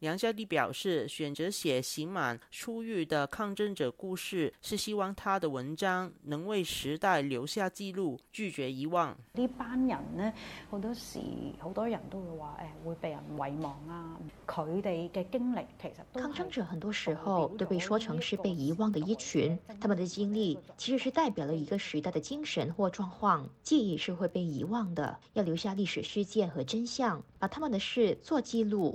梁家迪表示，選擇寫刑滿出獄的抗爭者故事，是希望他的文章能為時代留下記錄，拒絕遺忘。呢班人呢，好多時好多人都會話，誒，會被人遺忘啊。佢哋嘅經歷，其實抗爭者很多時候都被說成是被遺忘的一群。他們的經歷其實是代表了一個時代的精神或狀況。記憶是會被遺忘的，要留下歷史事件和真相，把他們的事做記錄。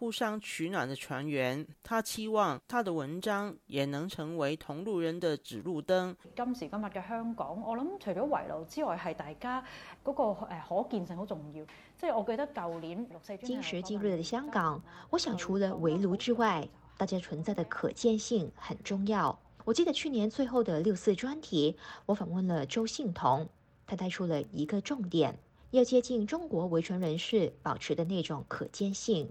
互相取暖的船員，他期望他的文章也能成為同路人的指路燈。今時今日嘅香港，我諗除咗圍爐之外，係大家嗰個誒可見性好重要。即係我記得舊年今時今日嘅香港，我想除了圍爐之外，大今今之外，大家存在的可見性很重要。我記得去年最後的六四專題，我訪問了鄒幸彤，他帶出了一個重點，要接近中國維權人士保持的那種可見性。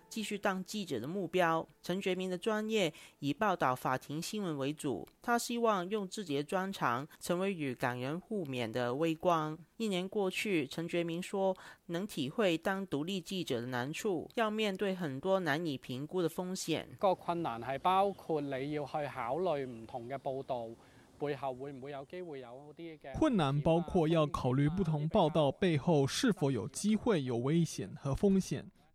繼續當記者的目標。陳覺明的專業以報道法庭新聞為主，他希望用自己的專長成為與港人互勉的微光。一年過去，陳覺明說，能體會當獨立記者的難處，要面對很多難以評估的風險。個困難係包括你要去考慮唔同嘅報道背後會唔會有機會有啲嘅困難，包括要考慮不同報道背後是否有機會有危險和風險。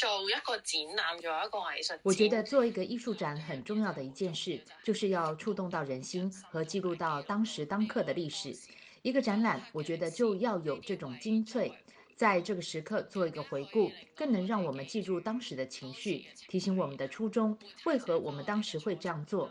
做一個展覽，做一個藝術展。我覺得做一個藝術展很重要的一件事，就是要觸動到人心和記錄到當時當刻的歷史。一個展覽，我覺得就要有這種精粹，在這個時刻做一個回顧，更能讓我們記住當時的情緒，提醒我們的初衷，為何我們當時會這樣做。